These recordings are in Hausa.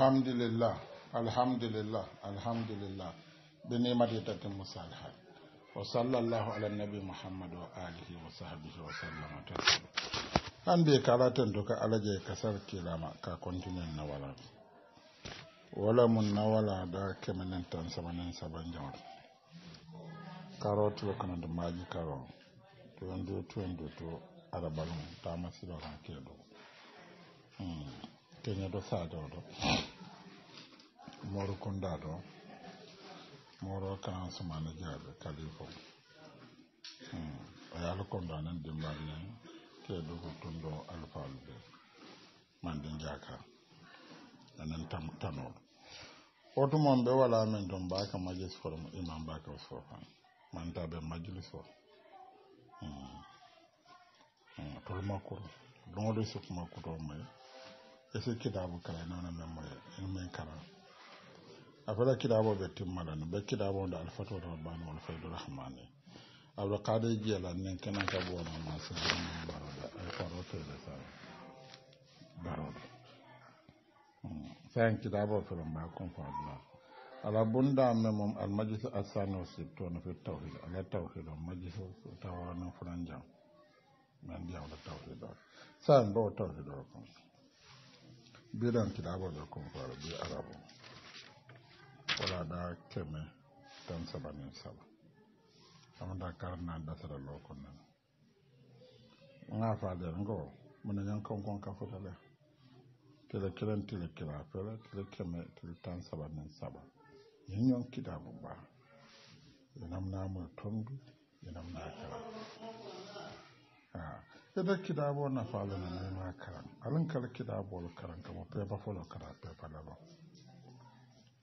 alhamdulillah alhamdulillah alhamdulillah bi ni'mati tatimmu salihat wa sallallahu ala nabi muhammad wa alihi wa sahbihi wa sallama an bai karatun duka kasar kilama ka kontinen na wala wala mun na wala da kemanin tan samanin saban jawar karo lo kana da maji karo to yanzu ta masu da kan kenya do sa da moro kondaɗo moro kan sumana jabe kalifo o hmm. yaala kondanen dimbal ne ke tun ɗo alfaalu ɓe mande jaaka anen tanol otu moon ɓe wala men ɗon mbaka majlis forom imam mbaka sofan manta be majlis o tol makkuro ɗogoɗo suk makkuto moye e si kitabu kala nona men moye en kala afala kiɗaɓo ɓe timmalani ɓe kiɗaɓo ɗo alfatoto rabbani wal faydu rahmani abdoulkadir jeelan nin kenan ka bonoma sehani baroɗa ay sa ala bunda me fi tawhid ala tawhid fulan jam tawhid tawhid bi wala da keme tan saba sabanin saba amata karna dasara lokon nan nga da ngo mun nan kan kon ka fotale tele kilen tele kila fele tele keme tele tan saba sabanin saba yin yon kida bu ba yanam namoy tombi yanam na ha karam kida bu na fa da na ma karam alin kala kida kitabu karan kama pepa folo kara pepa ba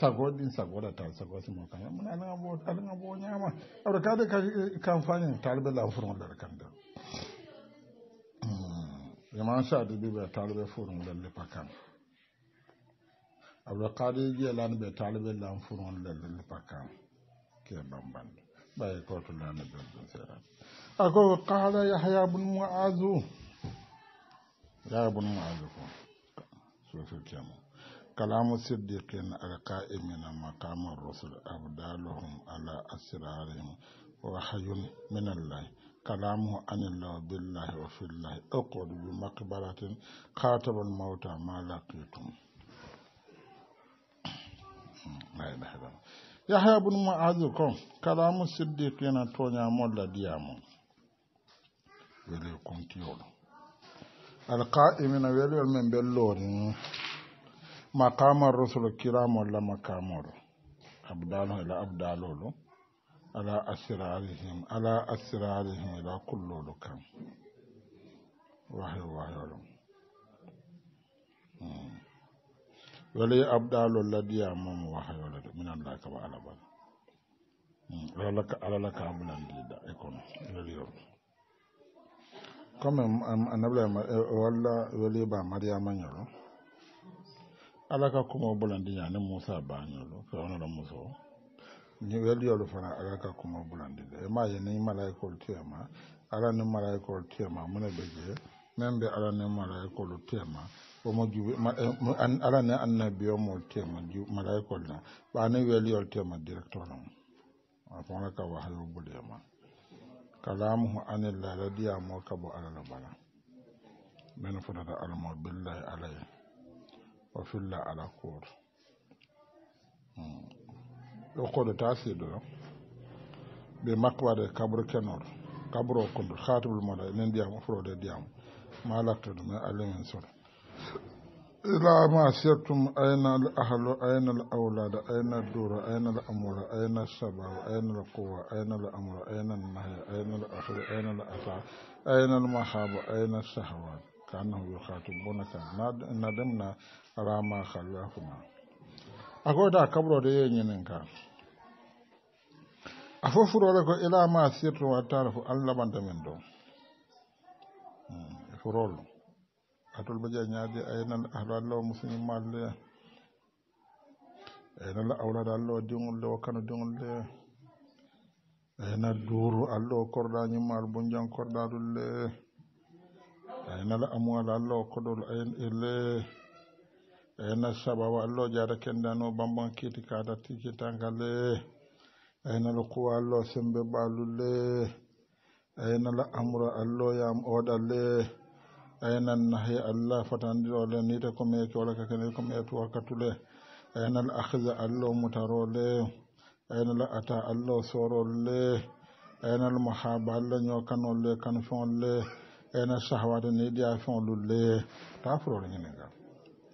sagodin sagoda ta su mo kan muna nan abuwa bo nan abuwa ya ma ka da kashi kamfanin talibai la da kan da hmm. ma sha dubi bai talibai furun da le kan abda ka da yi lan be bai talibai furun da le kan ke ya ya ko to lan da da sera ako ya yahya ibn mu'azu ya ibn mu'azu ko so so kalamu siddiqin aka emina makama rusul abdaluhum ala asrarihim wahayun minallahi kalamuhu anillah billahi wa fillahi uqud bi maqbaratin khatab al mauta ma laqitum yahya bnu muadu ko kalamu siddiqina toñamolla diyamu welel kontiyoɗo alqa'imina welwel min belloni makamar rusul kiram walla makamoɗo abdalhum ila abdalolo hmm. ala asirarihim ala asirarihim ila kullolo kam wahiw wahiwalum wala abdalo ladiyamam wahiwala minallaka wa alabal alalaka abulandida ekono ilalyor comme anablama walla wali ba mariama ñoro ala ka kuma bulandi ya ni musa bañolu fewnolo muso ni weliyolu fana ala ka kuma bulandi de ma ye ni malayikolu tema ala ni malayikolu tema mune be je men be ala ni malayikolu tiyama omo juɓe ala ni tema tiyama malayikol na ba ni ɓani weliyol tiyama directonon a fona ka wahayo bulema kalamuhu ka radiyamo kabo alala bala men fotata alamo billahi alaye وفلا على كور يقول تاسيد بمقوار كبر كنور كبر كنت خاطب المولى لن ديام فرود ديام ما لقد من علم سر إلا ما سيرتم أين الأهل أين الأولاد أين الدور أين الأمور أين الشباب أين القوة أين الأمر أين النهي أين الأخر أين الأثار أين المحاب أين الشهوات kanan yohatun bonaka na dimna rama kalu ya kuma a da kabro da yin yinin ka a fufuro da ko ila ma sirrin wata rufu an laban da min don furolu a tulbajen ya je a yi nan a rallo musulmi malle a yi nan aure da allo dingulle wa kanu dingulle a yi nan duru allo kordanyin malbun jan kordarulle a ayinala amuwala allo koɗol ayin ille ayina sababu allo jada kendano bambon kiti kada tiki tangale ayinala kuwa allo sembe balulle ayinala amura allo yam oɗalle ayinan nahi allah fatandirole nite ko meeki wala kakene ko meetu wakkatule ayinal akhida allo mutarole ayinala ata allo sorolle ayinal mahaba allah ñokanolle kan fonle أنا شهوات نيدي أفهم لولي تافرو لين ينعا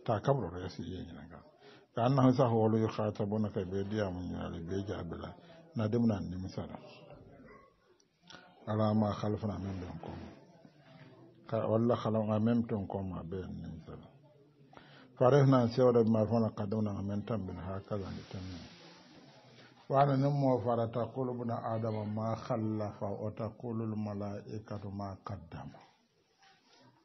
تاكبرو رأسي يين ينعا كأن هذا هو لو يخاطبونا كبيدي أم ينالي بيجا بلا نادمنا نمسارا على ما خلفنا من دونكم والله خلونا من دونكم ما بين نمسارا فارهنا سيورة بمعرفونا قدونا من تم بنها كذا نتمنى وعن نمو فرتقول ابن آدم ما خلف وتقول الملائكة ما قدمه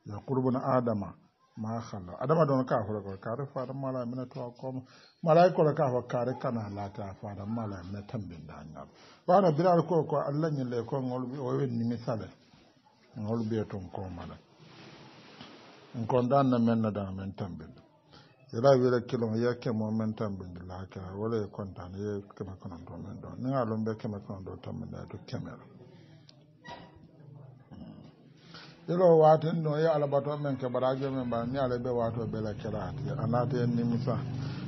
la na adama ma halla adama don ka ka kaare da malai mina to ko malai ko ka rika kaare kana fa da malai mina ba na biral ko ko allah le ko ngol o ni misale ngol to ko mala in kondan na men na da men tambin ila wira kilo ya mo men tambinde ka wala e contane ke ma kono to men ɗo ni ke ma kono konon tambin da to kemera iro waten ɗo ya alabato men ke barajo men ba ni alabe wato bela kerati anata en nimisa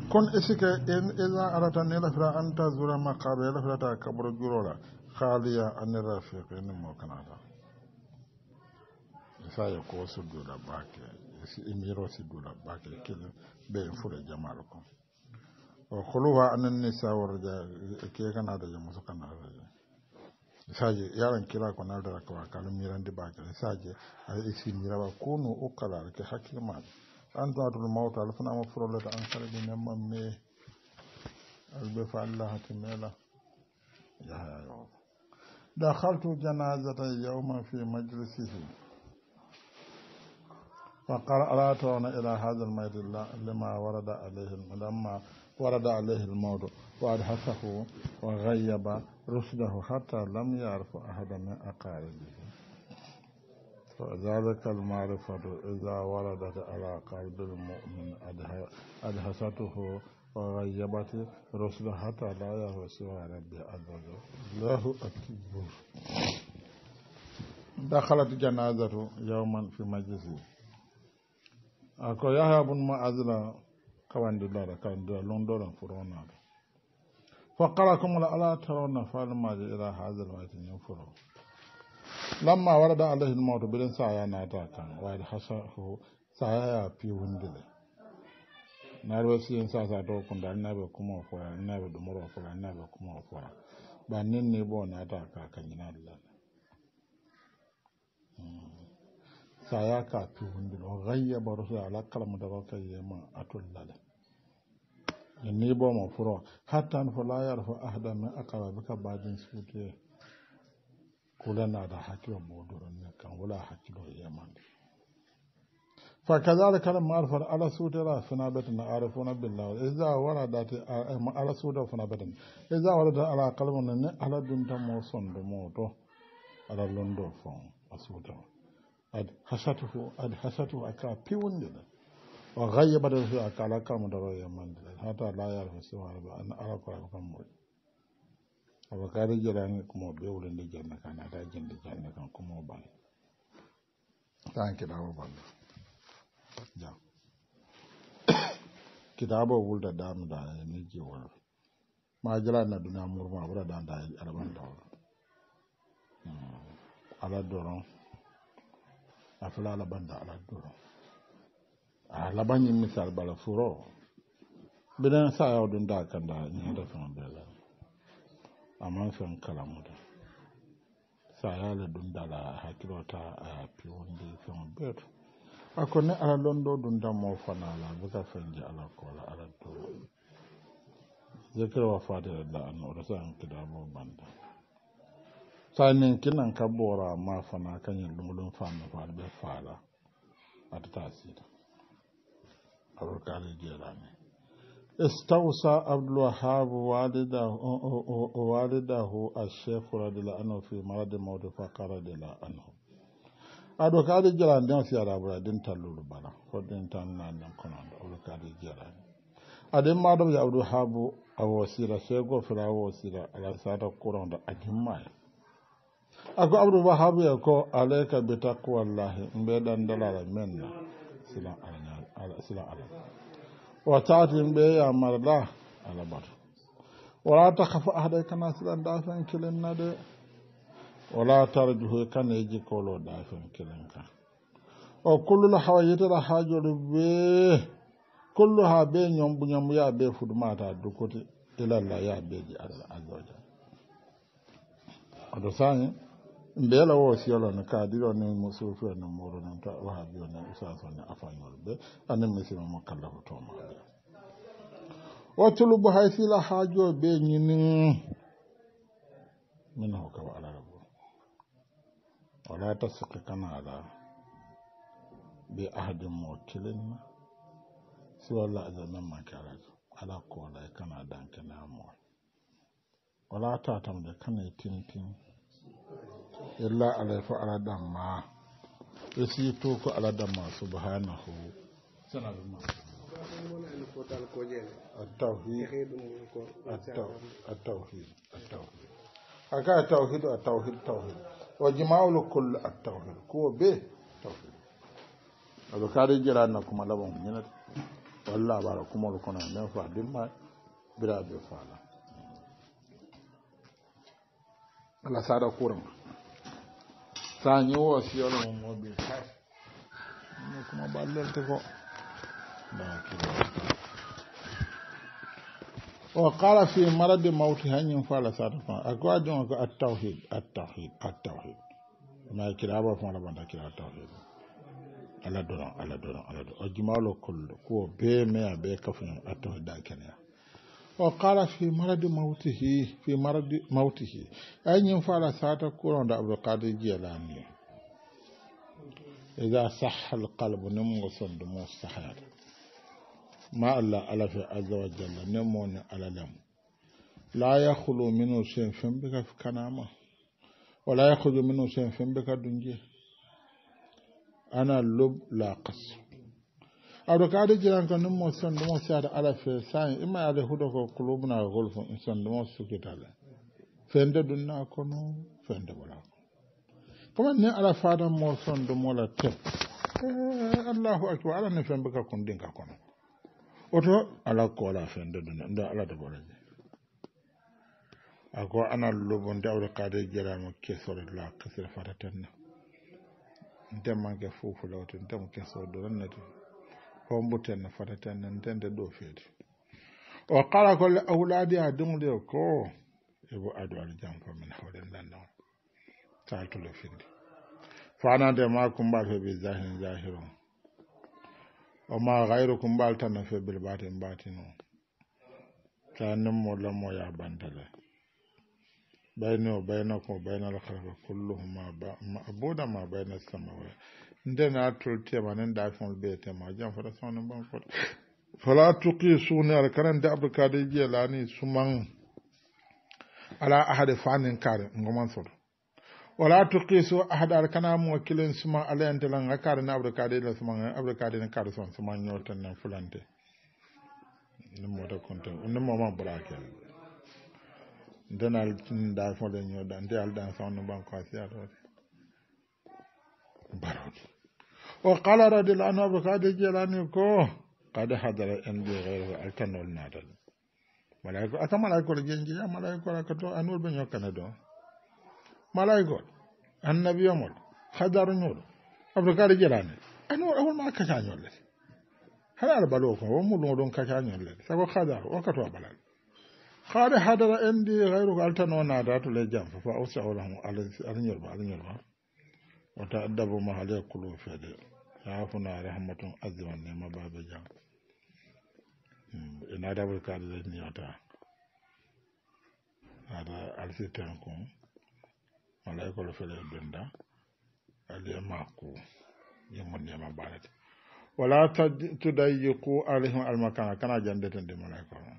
kon isike en isa arata ne anta zura an tasbira makaɓe ta kabro jurola khaliya an rafiq ni mo kanata ya ko su do da bake isi imiro da bake kilin be fure jamal ko o holuwa an nisa warja ke kanata yo muso kanata saje yaran kira ko naldara ko kala mirande bakale saje ay isi miraba kono ukala ke hakima maɓe an dowatul mawta ala fana ma furolata an kala ɗi nemman me alɓe fa allahati meela yahayayo dakhaltu janazata yawman fi majlisihi fa qara'atuna ila hadha almayt lima warada alayhi lamma warada alayhi almawt wa adhasahu رشده حتى لم يعرف أحدا من أقاربه فذلك المعرفة إذا وردت على قلب المؤمن أدهسته وغيبت رشده حتى لا يهوى سوى ربه عز وجل الله أكبر دخلت جنازة يوما في مجلسي أكو يهب ما أزلا كواندي دارا كواندي لون دارا فرونا وقرأكم لألا ترون فلما جاء إلى هذا الوقت ينفره لما ورد عليه الموت بدن سايا ناتاكا وإذ حسره سايا في وندله sa siyen sasa to kunda nabe kuma fura nabe dumuro fura nabe kuma fura ba nin ne ba na ta ka kan yana da ya ka fi wundilo gayyaba rasu ala kalmu da ba yema e ni bomo furo hattan fo layar fo ahda min akawa bika badin suude kulanaɗa hakkilo ne kan wala hakkilo yemande fa kadalika lam arfa ala sudara sanabatin arifuna billahi idza waradat ala sudara sanabatin idza waradat ala qalbin ne ala dum ta mo sondo moto ala londo fon asudara ad hasatu ad hasatuhu aka piwunde wa gayyaba da su a kala kama da rayuwar mandala hata layar fa sai wani an ara kwara kan mu abakari jira ne kuma bai wurin da janna kana da jin da janna kan kuma ba ta kida ba ja kitabo wulda dam da ne ke wani ma jira na duniya murma wura da da hmm. da ala doron a a laban yin misal bala furo mbiɗen sayaw ɗum da da kanda ñeeɗa fen bela aman da kalamuda sayale la dala hakkilota a piwondi fen beeto ako ne ala londo ɗum dammo fanala buka fenje ala kola ala to zikira wa fatira da an oɗo san kidabo banda sanin kinan ka bora ma fana kan yin dungulun ɗum fanna fa ɓe fala atata sita alkali jelani istausa abdulwahab walidahu ashefu da anhu fi maradi mawdi faqa radila anhu aɗo kaade jelani nden siyara ɓura den talluɗo bala hoɗen tan nannen konando oɗo kaade jelani aɗen maɗom yo abdulwahabu a wosira seego fira a wosira ala da kuronda akimmaya ako abdulwahabu e ko alayka bi taqwallahi mbeɗan dalala men na silan alña alaislam wa taatin ɓe ya marla alabato wala takafa ahɗe kana siɗan dafen kilin na de wala tarjuhe kane jikolo dafen kilin ka o kullu la hawa yitara hajoru be kullu ha be ñombu ñombu ya be fudumata dukkuti ilalla ya be ji alla azawajal aɗo sañe mbela wo siyolo ne kaadiro ne musufio ne moro ne ta wahabio ne isaso ne afañol ɓe anen misima mo wa tulu bu hay jo be ni ni min ho kawa rabu wala ta ka kana ala bi ahadin mo kilinna si walla ma makarajo ala koolay kana mo wala tatamde kana tin tin illa alay fo ala damma e si to ko ala damma subhanahu aka a tawhidu a tawhid tawhid wa jimawlu kull a tawhid kuwo be tawhid aɗo kaari jiranna kuma laban ñinata walla ɓaara kumol kono e men fa dimma biraɓe faala ala sara kuranga sañu wasiyar mu mobil kai ne kuma ballar ta ko wa qala fi marad mawti hanyin hanyar sata fa akwa ajon ko ma kira kullu ko be me be kafin at da kenya o kala fi maradi mawtihi fi maradi mawtihi ay ñin fala sata kuronda abdoulkadir jeelani ida saha alqalbu ni mo sondu mo sahata ma allah ala fe azza jalla ne mo ne ala lem la yahulu minu sen fembe ka kanama wala yahulu minu sen fembe ka dunje ana lub la qasr aɗo ka ade jiran ko nin mo sondumo sade ala fe sayi imma ala huɗo ko kulubna golfo sondumo sukitale fende ɗumna kono fende wala koman ni ala fadan mo sondumola te eh, allahu akbar ala ni fembe ka kundinka kono oto ala kola fende dunna nde ala dabolaje ako ana lobonde awre kaade jarama kesore la kesere fata tenna ndemanke fufulawte ke keso ɗo rannati hombuten fataten nan tende ɗo feedi o kala kolle ya ha dumde ko ebo adu aɗa janko min hawren lanndao saltulo findi de ma kumbal feɓe zahin zahiru o o ma hayru kumbal tan no feɓel batinu batino ta nimmo mo ya bantale bayni wa baina kuma bayna alhalka kulluhuma mabuda ma bayna samawat nden a toltema nen dafol beetema jam fota sowne bankol fala tuki suuni ala karande abdoukadi su suman ala ahade fanin kare ngoman soto wala tuki su ahade ala kana mu wakilin suman ala entelan a kaare ne abdoukadi la suman abdoukadi ne kaare son suman ñowten nen fulante ni mota konten ni moman bra donald da fode ñoɗa nde alɗan sawno banko a siyatode baroɗo o qala radil anu abo kade jelani ko kade hadara en ɓe heyre alkanol natal ata ka to anol an ñokkane ɗo malayikol annabiyomol hadaru ñoɗo abdokade jelani anol awol ma kacañolle haɗa ala balo ko won muɗum hadar o kato haade hadara en ndi hayru ko altano naada to ley jam fa fa ausahulahum aɗa ñorma aɗa ñorma wata addabo ma haali hakkulo feede yafuna rahmatun azwan ne ma baba jam e naada wol kaade de niyata ada alsitan kon wala école fele benda ali makku yimon ne ma balati wala tudayiku alihum almakana kana jande tan de mala école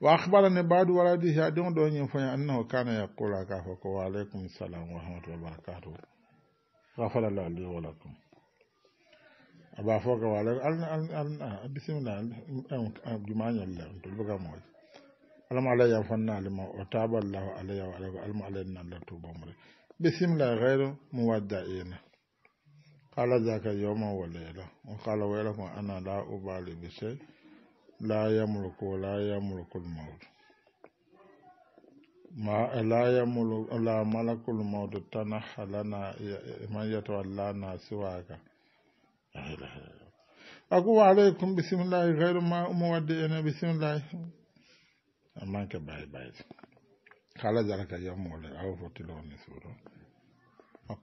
wa akhbarani ba'du waladihi adon do nyin fanya annahu kana yaqulu ka fa ko wa alaikum salam wa rahmatullahi wa barakatuh ghafara lahu li wa lakum aba fo ka wa alaikum alna bismillah jumanya allah to buga mo alam alayya fanna lima wa taballahu alayya wa alaykum alma alayna tuba قال ذاك يوم وليلة وقال ويلكم أنا لا أبالي بشيء la yamruku la yamruku al-maut ma la yamruku la malakul maut tanahalana man yatawallana siwaka aku wa alaikum bismillahi ghairu ma muwaddi ina bismillahi amman ke bay bay kala jaraka yamole aw fotiloni suro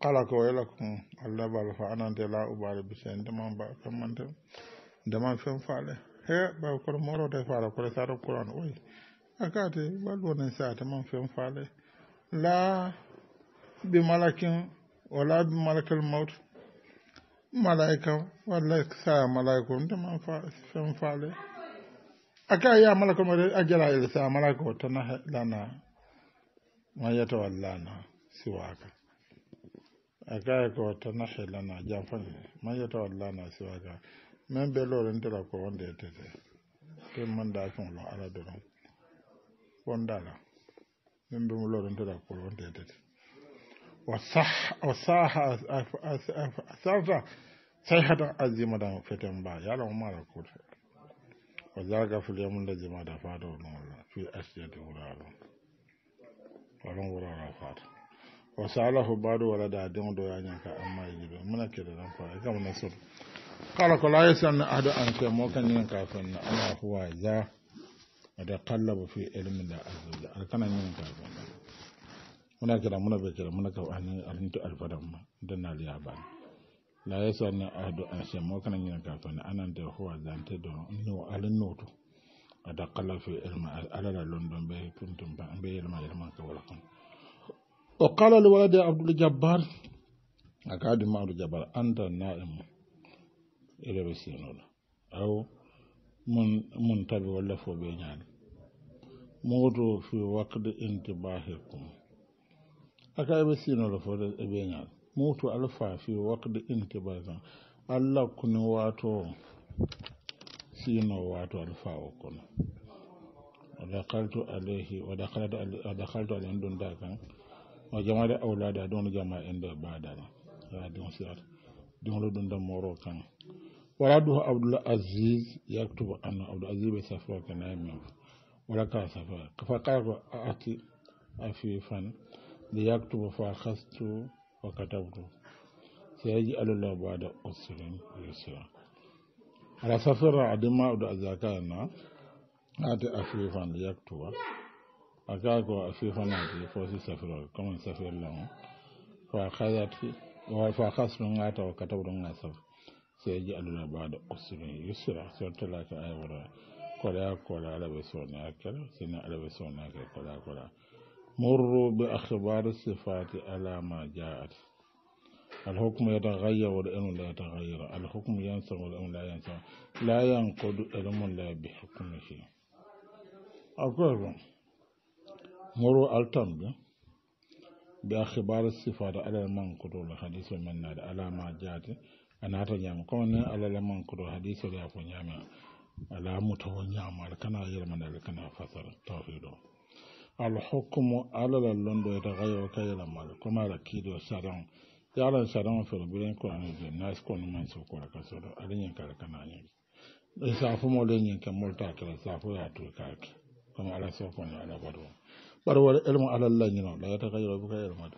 kala ko waylakum allah bal fa anante la ubali bi sen dama ba kamante dama he ba kor moro de fara kor sar qur'an oi akate ba do ne sa ta man fen fale la bi malakin wala bi malakal maut malaika wala sa malaikun ta man fen fale aka ya malakal maut ajala ila sa malaiko ta na lana ma ya yata wallana siwaka aka ya ko ta na lana jafan ma ya yata wallana siwaka min be lorin tela ko ya e tete ten da fen lon ala doron wondala min be mo lorin tela ko wonde as as feten ba yalamo mara kuuta wa zaga fulyamum da jimata da o ɗum walla fi asiyati wuraro walon wurara fata wa salahu baɗo walada adin ɗo yañanka amma e muna kala ko laye an ado anke mo kañen kafin na ana huwa za da kallabu fi da azza al kana ñen kafin muna kira muna bai kira muna kawo hannun arintu alfadan ma dan na liya ba la ya sa ne a do ashe mo kan yin kafin ne anan da huwa ta do no alin noto a da kalafi ilma alala london be kuntum ba be ilmin ilma ilma ka wala kan o kala al walad abdul jabbar a kadi ma abdul jabbar anta na'im ele ɓe la aw mun mun tabi wala fo be ñaali mowoto fi waqd intibahikum aka e la fo e alfa fi waqd intibahikum allah kuni waato siino waato alfa o ودخلت عليه ودخلت ودخلت عليه دون داكان وجمع أولاد دون جماعة عند بعد هذا دون سيار دون لدن دمورو كان waraduhu abdul aziz ya yaktubu anna abdul aziz bai safa kana yamin waraka safa kafa qarba ati afifan da yaktubu fa khastu wa ya ka katabtu sayaji allah ba'da usrin yusra ala safara adima abdul azakana ati afifan da yaktubu akako afifan ati fosi safara kama safara lahu fa khazati wa fa kastu khastu ta wa ka katabtu ngasaf sai ji Allah ba da usuri yusra sai ta lata ayyara kwala kwala da bai so na kar sai na arabe so na kai kwala kwala murru bi akhbar sifati ala ma ja'at al hukmu yataghayyar wa an la yataghayyar al hukmu yansar wa an la yansar la yanqudu ilmun la bi hukmihi akwai muru altan da bi akhbar sifati ala man qudu al hadith wa manna da anaata ñaama comme ne alala mankuɗo hadisol ya fo ñaame ala mutowo ala kana yelmanale kana fasara tawhido alhukmu alala londo ita gayo ka yelamal comme ala kiiɗo saran yalan saran fere biren kurani je nas kono man so kora ka soɗo ala ñin kala kana ñin e mo mole ñin ke molta kala safo ya tu kake comme ala so kono ala baɗo ɓaɗo waɗa elmo alallah ñino la yata ka buka elmado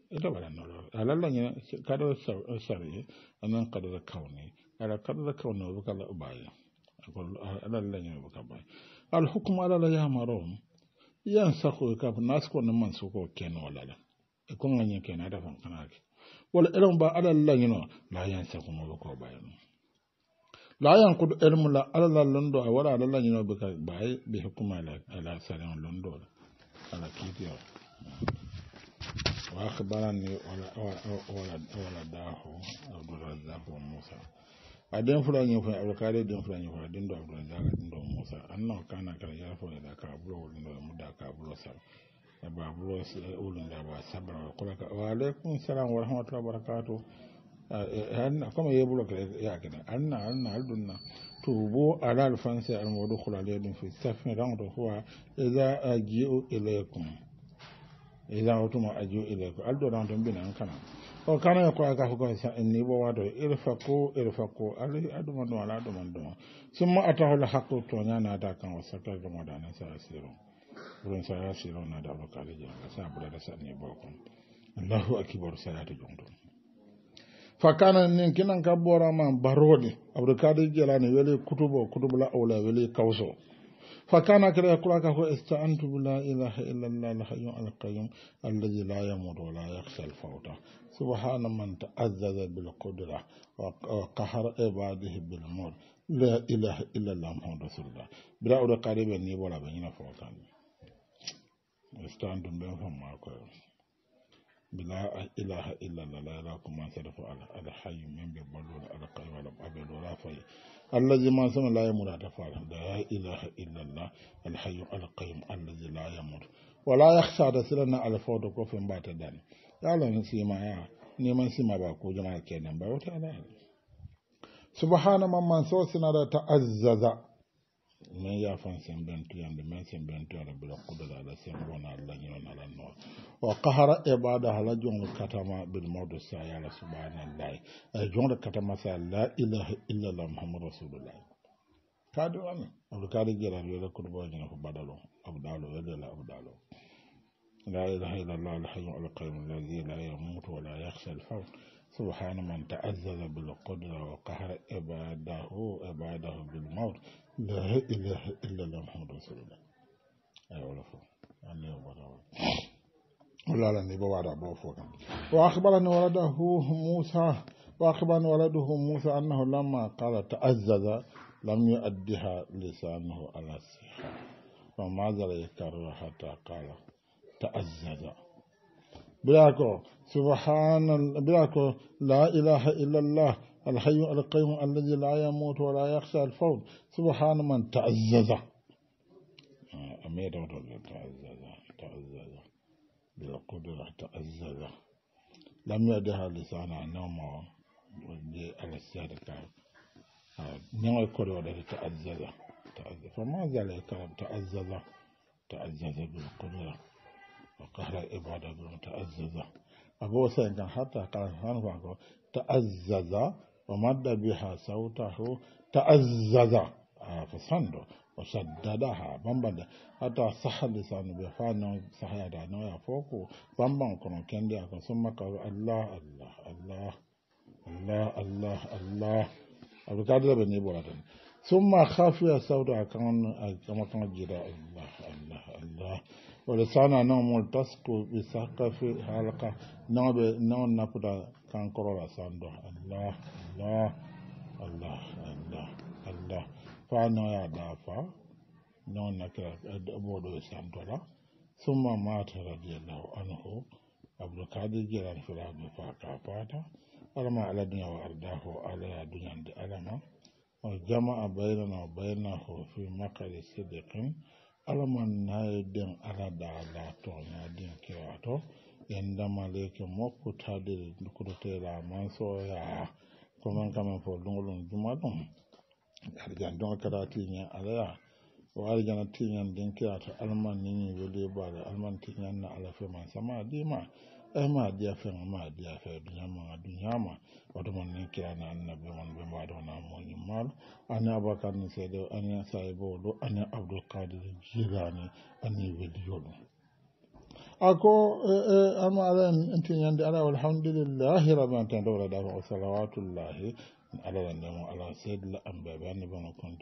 ita waɗannan alallan ya kadar sarri anan kadar kauni ala da kauni wa bukala a lallan ya buka bai alhukum alala ya marom yan sako ka nas ko nan man soko ken walala ko nganya ken ada dafa kana ke wala irin ba alallan yana la yan sako mo ko bai la yan kudu ilmu la alallan londo wala alallan yana buka bai bi hukuma ala ala londo ala kitiyo oh. Waqa bana ne awa awa awa la daahu Abdoulaye Zane wa Moussa denfala yu ma fayin abu kaɗai denfala yu ma fayin Abdullahi Kana kala ya fayin da ka bula wuli ndoyi mu ka bula Saba ya bula ulinza wa saba na wa kula ka wa aleikum salam wa rahmatulah wa rakaatuh al na kama yin bulon kele yake na al na al na ala alfansi al Mawadul fi cak na danga ko kuwa ega a juyewu aleykum. ila wutuma aju ilayku alɗo ɗon ton mbina an kana o kana e koya kafa koye ni bo wato irfaku irfaku ala aɗuman ɗum ala aɗuman ɗuma simmo atahol haqqu toñanata kan wasa o sakkare ɗumoɗane sa siro wurin sa siro nada alokali jenga sa da ɓurata sanni bo kon allahu akibaru salatu jom fa fakana nin kinan ka bora ɓorama baroɗi abdoulkadir jelani weeli kutubo kutubla awla wele kawso فكان كذا كده يقولك استعنت بلا إله إلا الله الحي القيوم الذي لا يموت ولا يخشى الفوت سبحان من تعزز بالقدرة وقهر عباده بالموت لا إله إلا الله محمد رسول الله بلا أولى قريبا نيبولا بنينا فوتاني استعنتم بهم فما بلا إله إلا الله لا إله كما صرف الحي من بالبلول على القيوم الأبد ولا فيه allazi man sama la yamutu da ya ilaha illallah alhayyu alqayyum allazi wala yakhsha da silana alfawda ko fen ba ta dani yalan sima ya neman sima ba ko jama'a kenan ba wata ala subhana man so sina da ta'azzaza min yafan semben tuyande min semben tuyade bila kudura ala sembona allah ñinon ala noon o kahara e ɓaada hala jongo katama bil mawdo saya ala subhanallahi ay jongo katama sa la ilaha illallah muhammadu rasulullahi kaade wani abdou kaade jiran wele kurbañina ko baɗalo abdalo wedela abdalo la ilaha illallah alhayu alqayum alladi la yamutu wala yahsa alfaut سبحان من تعذب بالقدرة وقهر عباده عباده بالموت لا إله إلا الله محمد رسول الله أي ولا فو أنا ولا ولا لا نبوا على بوفو كان وأخبر أن ولده موسى وأخبر أن ولده موسى أنه لما قال تعزز لم يؤدها لسانه على السيحة فما زال يكرر حتى قال تعزز بلاكو سبحان بلاكو لا إله إلا الله الحي القيوم الذي لا يموت ولا يخشى الفوت سبحان من تعزز آه، أمير تعزز تعزز بالقدرة تعزز لم يدها لسانا آه، نوما على السادة نوع القدرة تعزز تعزز فما زال الكلام تعزز تعزز بالقدرة وقهر عباده بالمتعززة أبو سيدنا حتى قال سبحانه تعزز ومد بها صوته تأزز آه، فسندو وشددها بمبدا حتى صح لسان بفان صح يدعنا يا فوق بمبا كنو كندي ثم قال الله الله الله الله الله الله أبو كادر الله الله ثم يا صوت أكان كما كان جدا الله الله الله ولسانا نوم ملتصق بسقف حلقة نوم نوم نبدا كان كرولا ساندو الله Allah Allah Allah Allah fa noya dafa non nakira boɗo santola da eh, mata radiallahu anhu abdoulkadir jiran firaɓe fa ka fata alama ala duniya o ardaho alaya duniyande alama o jama'a baynana o baynaho fi makari sidikin alama yi den alada la toña din kirato da mokku tadiri kutotelaa mansoyaa komin kama fo lungolon juma ɗum arjan don kata tiñe y'a o arjana tiñan din kirata alman nini wele bare alman tiñan na ala fe man sama dima e ma eh, diya fe ma diya fe dunya ma dunya ma wato man ne kira na annabi man do na mo ni mal ani abakar ni sedo ani sahibo do ani abdul qadir jilani ani weli أكو أما أن أنت يندي على والحمد لله رب العالمين دورة دارو صلوات الله على النمو على سيد الأنبياء بأن بنا كنت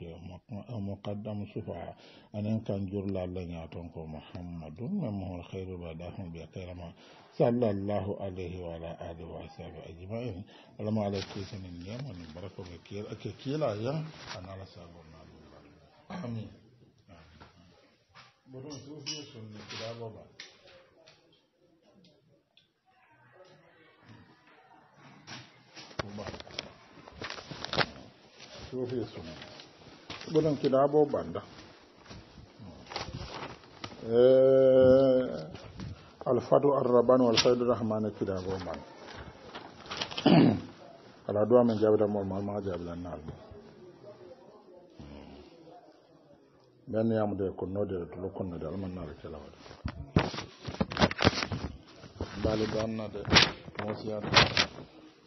مقدم شفاعة أن إن كان جر لا لن يعطنكم محمد ما هو الخير بعدهم بأكير ما صلى الله عليه وعلى آله وأصحابه أجمعين لما على كيس من اليوم أن يبارك بكير أكيكيلا يا أنا على سابقنا الله آمين برون سوفي سنة كلاب وبعد suma sufi suma ɓuran kiɗaɓo ɓanda eh, arraban walfaydu ala duwa min jaɓiɗamol mal ma jaɓiɗannal mum na yamude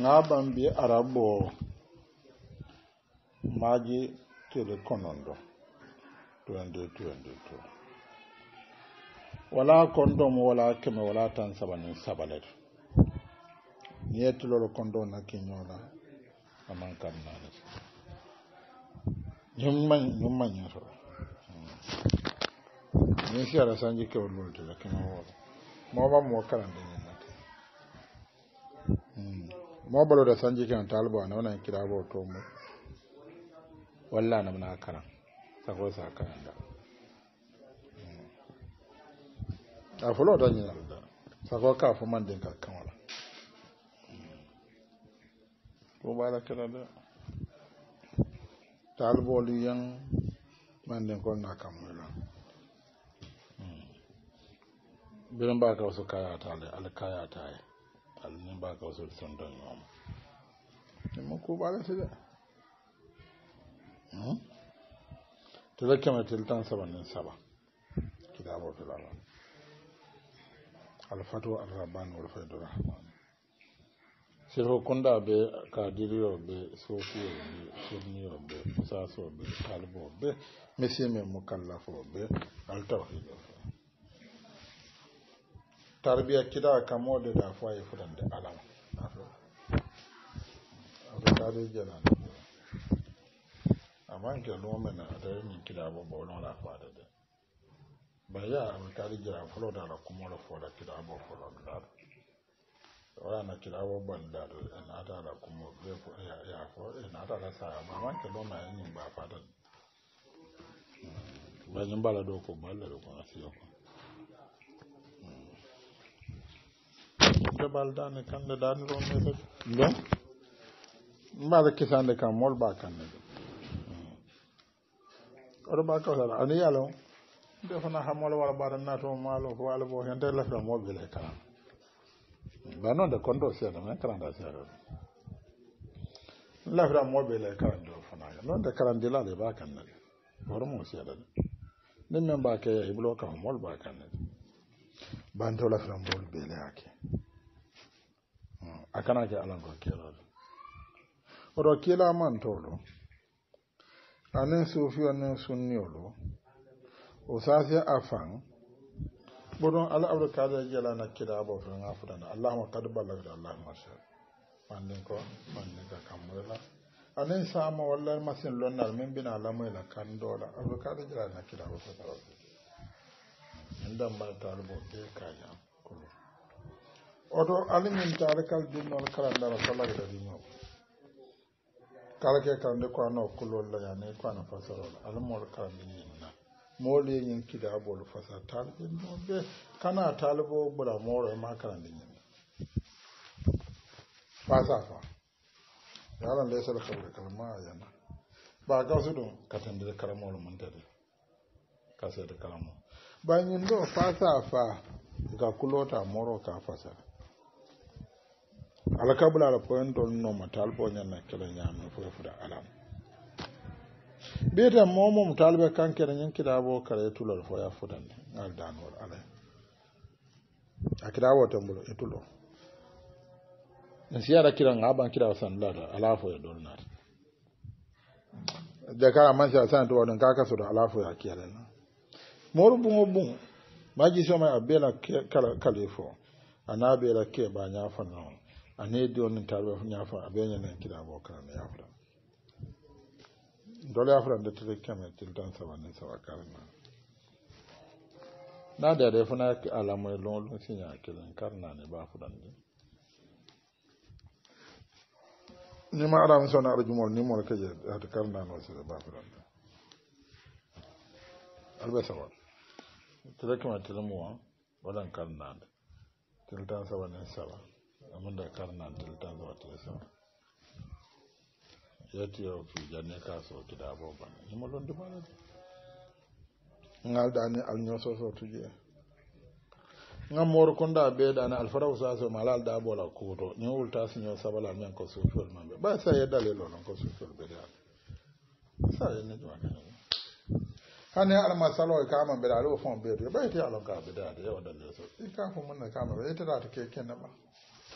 ban bi arabo maji tele konondo 2022 wala kondom wala keme wala tan sabani sabalet niyetulolo kondo na kiñola aman kam ni ñum mañ ñum mañoto ñin hmm. siyara sanji kewol loltila kema woola moma mo karande ñumate hmm. da sanji talibu a ana kira ba to mu walla muna karan sago sa da hmm. a fulo ɗon yinalda sako ka man din ka wala hmm. ko ɓala kira talibu talbolu yan din kon na kamuyla hmm. birin ba ka wasu kaya ta alkaya ta yi ala nin ba ka wasu hmm? tonton ɲɔgɔn ma ni mu ko bala ti dɛ tila kɛmɛ tili tan saba ni saba kitabu tila la alfatu arrabani wal faidu rahman sirhu kunda be kadiri kadiriyo be sofi sofiyo be sunniyo be musaso be kalbo be misi misime mukallafo be altawhido tarbiya kida da da alam a kiɗa kamode ɗa fo aye futande alama afrikade janade amanke da atare min kiɗabo ɓonola fade de baya afrikade jara folotala kumolo fola kiɗabo folondaɗo wana kiɗabo bandaɗo en atala kumo ɓe yafo en atala saa amanke luma e ñimba fadade bañimbala ɗo ko balle bala kono na kon keɓal dani kannde dani ɗon ne kadi nden mbaɗa kisande kam molba kanne ɗum oɗo mba kawsara ani yalo nde fana hammolo wara mbaɗan nato maalo ko waalo bo hen nde lafira mobile karam ba noon de kondo seeɗa men karanda seeɗa ɗum lafira mobile karande o fanaga noon de karandilaɗe ba kanne ɗe hoto mum seeɗa ɗe nden men mbake iblo kan mol ba ban ɗe la firan bol bele yake a kana ke alan ko kela man kila mantolo anin sufi anin sunni o sasi afan budon al'abdu kada jela na kida abo fran afuda na allahumma qad ballagta allahumma sha mandin ko mandin ka kamula anin sama wallar masin lonnal min bina lamai la kandola abdu kada jela na kida abo fran indan bar talbo ke kayan oto alimin tare kal dinnol kalandara di ɗimo kala ke kalande ko ano kulolla yane ko la ana fasarola alamol kalande ñinna moolu ye ñin kidaabolu fasa taalibe no ɓe kana taalibo ɓura mooro e ma di ñinna fasa fa yalan lesal kabre kala ma yana ba gawsu ɗum katandire karamolu mum tede kasede karamo ba ñin do fasa fa ga kulota moro ka fasa ala kabula ala poyentol nooma taalbo ñanna kele ñaami foye futa alam mbiyeten momom taalɓe kankene ñin kitaabo kala e tulol fo dan ngal dan wor ale kitaabo wo tambulo etulo en siyaɗa kira ga ɓan kirawo san lata ala foye dolnata de kala mansi a sani tuwaɗen kaka da ala foye a na moru buŋo buŋo maji so a abela kala kale ke ba nya fa na a ane diwolnin taarɓe fo ñafa aɓeña nen kiɗaɓo karano yafra dole ya nde tiri keme til tan sabanni sawa karana na na dede fana alamoye lolum siña kelen karnani bafuɗanni nima arami sona arjumol nimol keje hata karnano sede bafuɗanni alɓe sawa tiri keme tili muwa waɗan karnade til tan sabanin sabakar abinda karnantel ta zuwa ya ce yau fi jane ka so kida bo ne ni mo lon ne ngal dani al nyo so so tuje ngam mor kon da be da al faraw sa so malal da bola kuto ni wul ta sinyo sabala men ko sufur man be ba sa ya dale lon ko sufur be da sa ya ne jwa ne hane al masalo ka man be da lo fon be be ta alon ka be da ya yo dale so ka mun na ka be ta da ke ken na ba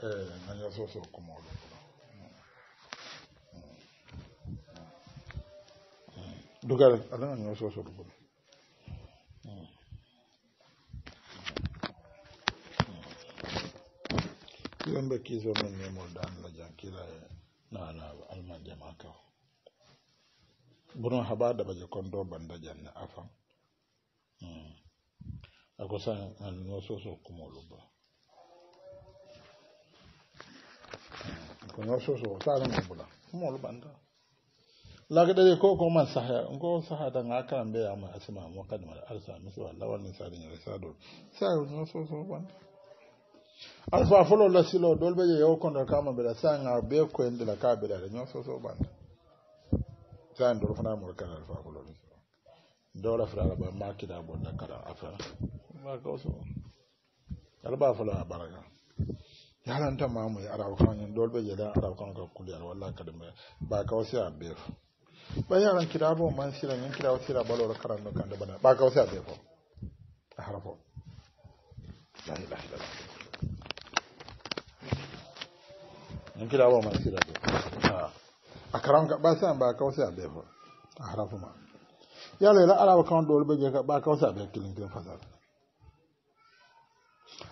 ええ何がそうそうこもる lugar ala ñoo so so ko yombe kizo men mo dan la jankila na na alman jama ka bunon haba da baje do banda janna afam ako sa an ñoo so ko ñoo soso o taarano bula moolu ɓanta lagɗere ko ko man sahaya nko sahata ga karan ɓe yama asima mo kadima alsa misi walla walni sariñere saɗol sayo ñoo soso ɓanta alfa folo la silo dol ɓe je yew kondo kama ɓeɗa saga ɓe koyenɗela ka ɓeɗaɗe ñoo soso ɓanta sayan dol fana mor kara alfa folo la silo dowla frara ba makkida bonda kara affaire ba kawso alba folo a baraka yaran ta ma mu arabu kan yin dolbe jada arabu kan ka kuliyar wallahi kadame ba ka wasi ya befu ba yaran kirabo man sira yin kirawo sira balo karan da kan da bana ba ka wasi ya befu a harfo la ilaha illallah yin kirabo man sira da a ah. karan ka ba san ba ka wasi ya befu a harfo ma yalo la arabu kan dolbe jada ba ka wasi ya befu kilin kilin fasara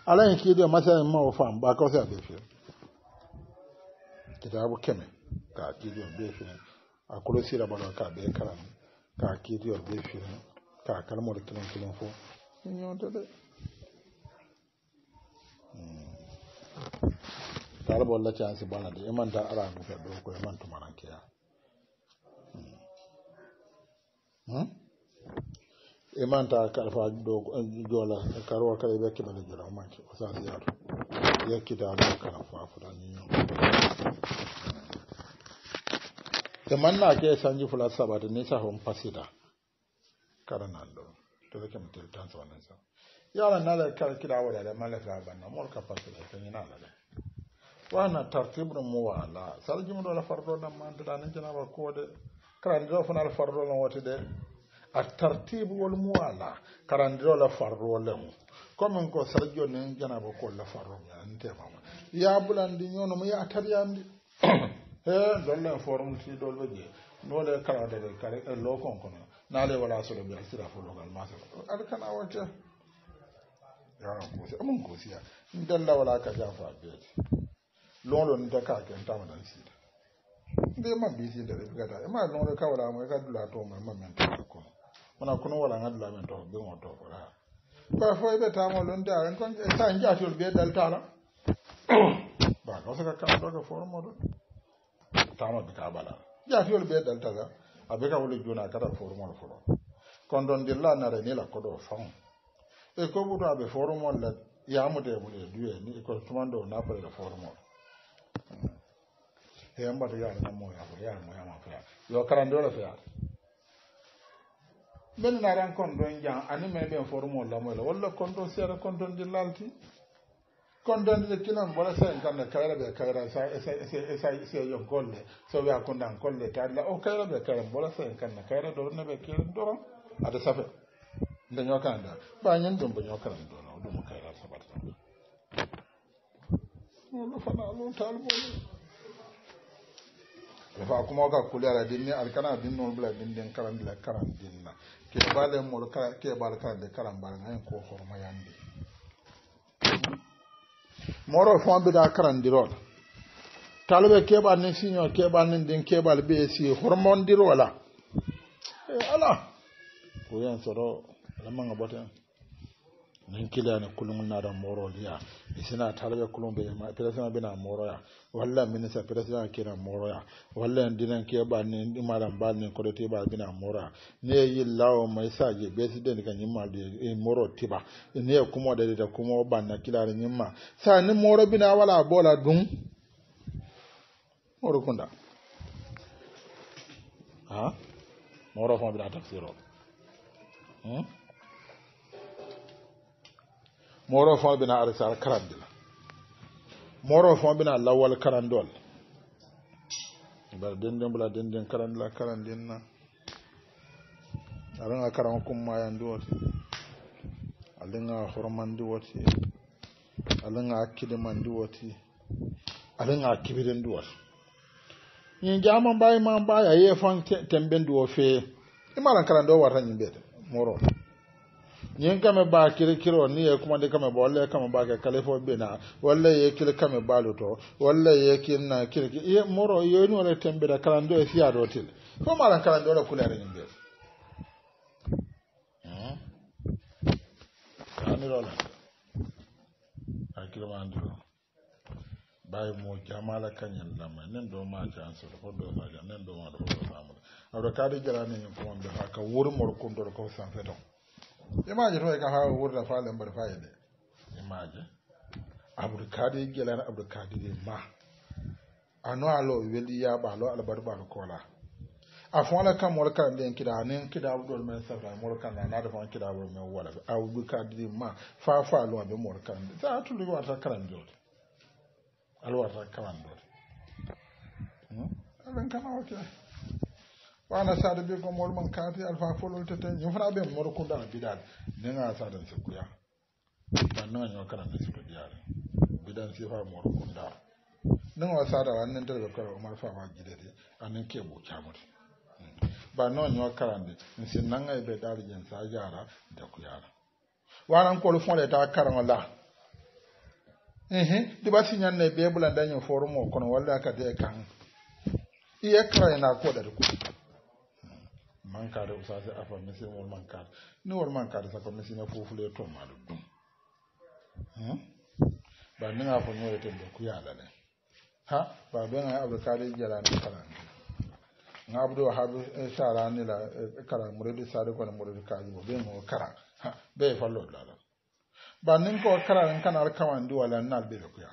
ala yin kidio masala ma o fam ba ko sa kitabu ka kidio be fi a kulo sira ba ka be karam ka kidio hmm. e be fi ka kalmo da kiran kiran fo in yon iman da ara mu fe ko iman e tumaran kiya hmm. hmm? imanta karfa jola karuwa kare bai kima da jira manki wasa ziyara ya kita da karfa fulani yau da na ke sanji fulat sabata ne sa hon fasida karanan do to da kima tiltan sa wannan sa yaran na da kar kira wala da malaka banna mol ka fasida kan yana da wana tartibun mu wala sarjin do la fardo nan man da nan jina ba ko de kran do fana fardo nan wote de الترتيب والموالاة كراندرو لا فرو لهم كم كو سرجو نين جنابو كل فرو انت فاهم يا بلاندي نيونو يا ترياندي eh dolle forum ti dolbe je nole kala de kare e lo kon kono nale wala so be sira fo logal ma so al kana wata ya ko si amun ko si ya ndalla wala ka ja fa be lolo nda ka ke ntama dan si de ma bi si de be ka ta ma lolo ka wala mo ka dula to ma ma men ko wona kono wala ngadula men to ɓe mo to koɗa koye fof ɓe tamolonde awen kon sa jaatol mbiye daltala baka saka kamɗoka formoɗo tama bi ka ka bala jaatol la, a abe ka wole juna kata formol fulo kono ɗon ndilla nare ni la koɗo fan e ko ɓuto aɓe formol la yamude muɗe duwe ni e ko tuman ɗo nappalele formol hembata hmm. yaade nammoya fo yaade moyama fo yaade yo karande ole fo yaade ɓen garen konton jan ani men ɓen forumol lamoyla walla konton seeɗa konton dillalti konton de kilan bola sen kanda kayra ɓe kayra sa yon kolle so wiya kundan kolle talla o kayra ɓe kayra bola sen kanda kayra ɗorne ɓe kirin doron aɗa safe nde ñokana da ɓañen ɗum ɓe ñokana ɗona o ɗum kayra saɓata tan walla fana alon taalmoɗum fa kuma ka kulyara dinni alkana dinnol bula din karan dila karan dinna ke bale mol kara ke bal karan de karan bar ngayen ko horma yandi moro fon bi da karan dirol talbe ke ba ni sinyo ke ba ni din ke bal be si hormon dirola e eh, ala ko yan soro lamanga botan ninkila min kiliyani kulum naɗa moroliya isina talaɓe ma ɓe président ɓena moroya walla ministre président kena moroya walla dinan ke ba ba ɓani ɗimaɗan mbalni koɗo tiɓa ɓena moroya ni e yillawo may saji kan ka ñimmaɗu e moro ne kuma da ni e kumoɗeɗita kumo ɓanna kilari ñimma sa ni moro bina wala bola dun moro kunda ha moro fa bina tafsir hmm moro fo bina arsar karandol moro fo bina lawal karandol bar denden bula denden karandila karandin na arin a karan kuma yan duwati alinga a hurman duwati alin a kidiman duwati alin a kibirin duwati yin jaman bayi man baya yi fon imaran karandol waran nyimbe moro ñin kame ba kiri kiro ni ye kumandi kame ba walla ye kame ba ke kalifo bina walla ye kili kame balu to walla ye kinna kiriki iye moro yoyni wala tembira kalando e fiya do til fo maran kalando hmm? mo jamala nen do fo do nen do fo ka wurmor kundoro ko san fe ton imaji to e kan ha wurda falen ya fayede imaji abdulkadir gelan abdulkadir ma ano alo weli ya ba lo albar balo kola afon ala kam wala kan den kida anen kida abdul men sabra mol kan na da fon kida abdul men wala abdulkadir ma fa fa lo be mol kan ta tulu wata karan jodi alwata karan jodi hmm? alan kama wakilai wana sada bi ko mol man kati alfa folol tete ñum fana ɓe moro kundana biɗaɗe ndega sadan sikkuya ko ñoo karande sikko diyaɗe biɗan sifa moro ne nga sada wa annen tere ɓe kara omar fa an ne ke bu camude ba no noon ñoo karande si nanga e be dal jen sa jara dekuyara wanankolu fonde ta karaŋo la ɗiɓa siñanne ɓe forum ko no walla ka de kan iye kara ko da kuɗi mankade usase afa misi wol mankade ni wol mankade sako misine fofule to maɗum hmm ba ndiga fo ñore ten ɓe kuyalale ha ba ɓe ga abdou kadi jalani kalanti ga abdou haɓe la e, e, kara muridi sade kono muridi kajibo ɓe mo kara ha ɓe falloɗlala ba nin ko kara en kanar kawandi walla nal ɓeɓe kuya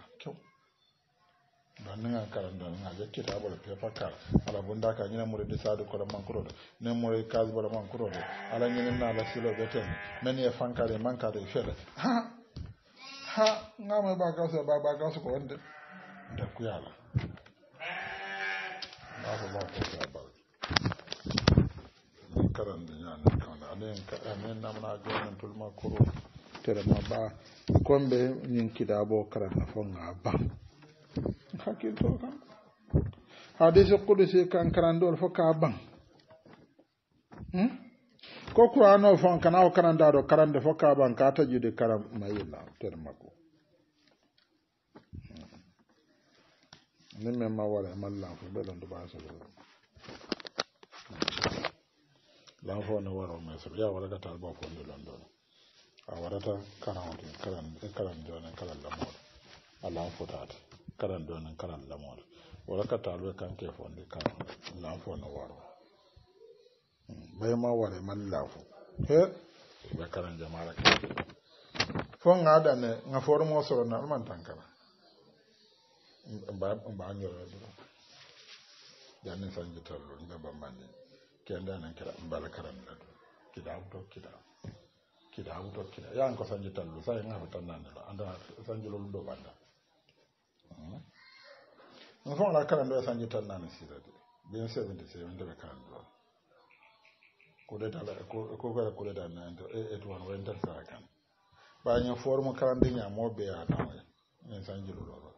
donniga karandaga je kitaɓole pepa kar ala bunda ka ñina mure disadu koɗo mankuroɗo nen mure kasboɗo mankuroɗo ala ñininna ala siloɓe ten men ye fankade mankade e feere ha ha gama ba ka gawso ba ba gawso ko wonde nde kuyala mako mako bal ka ne kawde anen anen namna jonen tolma koro tere ma ba kombe ñin kiɗa bo karanna fo ga ban hakkilto kan hadise kudusi kan karande ol fof hmm? ka ban ko qur'an o fon kana o karandaɗo karande fof ka ban ka taƴude karam mayilla ter makko nden men ma wara e mallan fo ɓeɗon duɓa sogo lan ne waro mai sogo ya wara gatal bo fo ndilon ɗon a warata karan karan karan jone kalan lamoɗo alan fotata karan do nan karan lamol wala ka talo e kan ke fonde kan na fonno waro hmm, bay ma wore man lafu he ba karan da mara ka fon ga da ne nga formo soro na man tanka ba ba ba an yoro do dan ne fanje tallo nga ba man ne ke nda nan kira mbala karan da do kida auto kida kida auto kida yan ko fanje tallo sai e nga fotan nan da anda fanje lolu do banda min e, e, fo a karanɗo e sanji tan nane siirade bien seventy seven ndeɓe karanɗo kudetala kudeta nanto et wan wentat sara kan ɓaño forme karande ñamoɓe yatanoe min sanjiluloro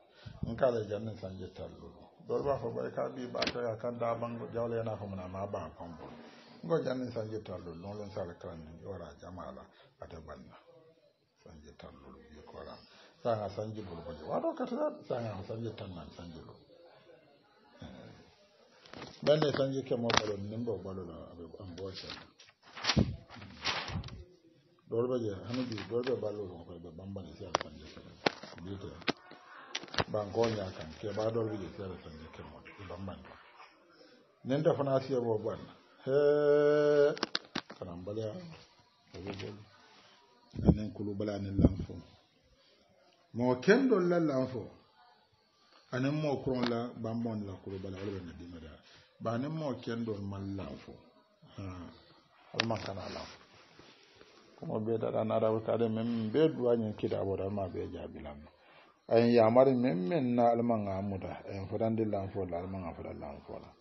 n kala janne sanje tallulo ɗol ɓa fo ɓay ka ɓi ɓatoya kan dabango jawle yana fo munama ɓa compo ngo janne sanje tallulo non lon sara karande wara jamala ata banna a tallulo wi kola sanji sanjilol boje waɗo katata saga sanji tannan sanjilol bande sanje kemo balon nimbo balola aɓe an boca ɗolɓe je hanidi ɗolɓe balluɗum koye ɓe bambane seeɗa sanje kemo mbiyete bangoña kan keɓa ɗolɓe je seeɗa sanje kemo e bambanta nen defana siyabo banna he kanan baleya oɓe bol anen kulubala anen lanfo mo kendol la lanfo anen mo kuron la bambon la kulu bala wala ɓe gaddimeɗa bani mo kendo mallafo hmm. alma kana lafo kuma be da na rawu da men be duwa nyin kida da ma be jabilan ayin mari men men na alman amuda en fudan din lafo la alman fudan lan lafo la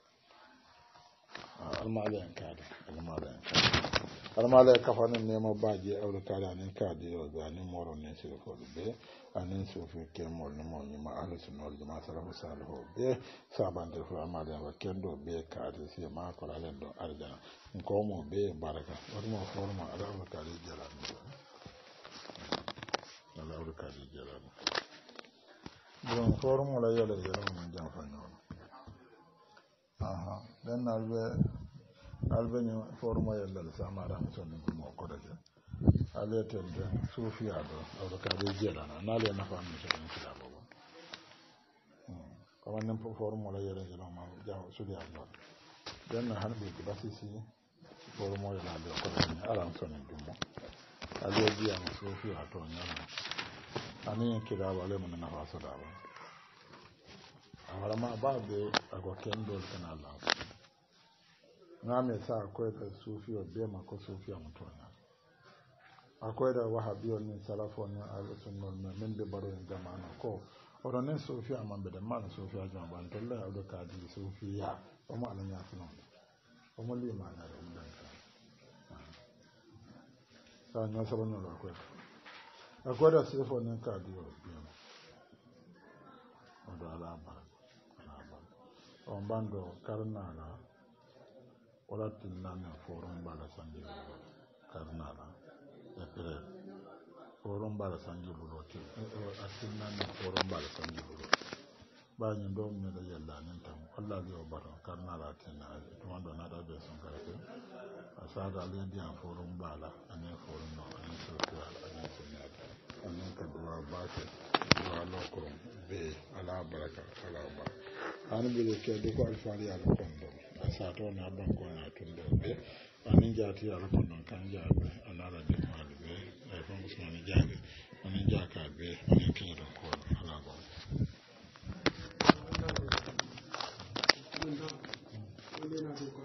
ah, alma ala en kada alma ala en kada har ma lai kafanin neman baje auratare anin kaji yau da anin moron ne shi ko be anin sufi ke mol ni mo ni ma ala sunol jama salafu salihu be saban da fu da kendo be kaji sai ma ko len do ko mo be baraka wani ala ni ala ni don la yala yala jan aha dan albeñin foruma yellal samaɗan sonnin kumo kotoke ale tente suufiya ɗo awɗo kaɓe jeelana naale nafan misoɗen kitabogo hmm. kawannin forumola yerejeloma jaw suudiya jol ɗenno han ɓeydi basisi forumoyo laaɓe kotoene alan sonin jummo ale jiyama suufiya to ñama ani kitaabo ale mo nanafa soɗaba a warama baɓe ako kana na me sa akwai da sufi wa biya mako sufi a mutuwa akwai da wahabi wa ne salafu ne a rasun nolme min baro na ko sufi a man mana sufi a jama'a a duka ji sufi ya o ma alan ya fi nan o ma na da wudan ka sa ne sabon nan akwai akwai da sufi ne ka biyo biyo o da alaba alaba karnala wala tun namin foron ba da sanji karna na da fere foron ba da sanji buro ke a tun namin foron ba da sanji buro ba ni don me da yalla nin tam Allah zai wa baran to wanda na da be sun karfe a sa da le dia foron ba la ne no ne so ko ne so ne al asato na banko na tumbe anin jaati ala ko non kan ala de maali be e fon ko soni jaabe anin ka be anin kinyidon ko ala ba